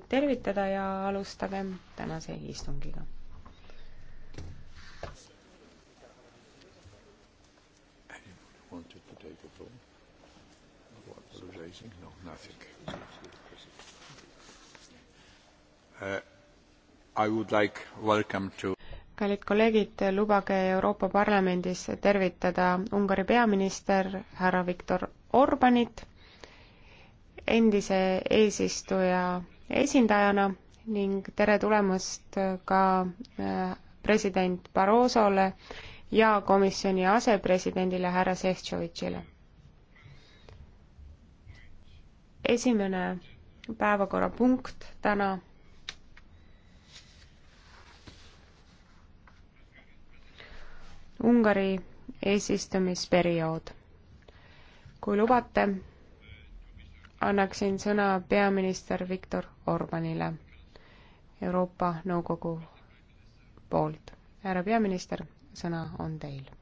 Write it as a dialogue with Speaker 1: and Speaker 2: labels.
Speaker 1: teid tervitada ja alustagem tänase istungiga.
Speaker 2: No,
Speaker 3: uh, I would like welcome to kallid kolleegid,
Speaker 1: lubage Euroopa Parlamendis tervitada Ungari peaminister härra Viktor Orbanit, endise eesistuja esindajana ning tere tulemast ka äh, president Barrosole ja komisjoni asepresidendile härra Šeftšovitšile. esimene päevakorrapunkt täna Ungari eesistumisperiood. kui lubate, annaksin sõna peaminister Viktor Orbanile Euroopa Nõukogu poolt. härra peaminister, sõna on teil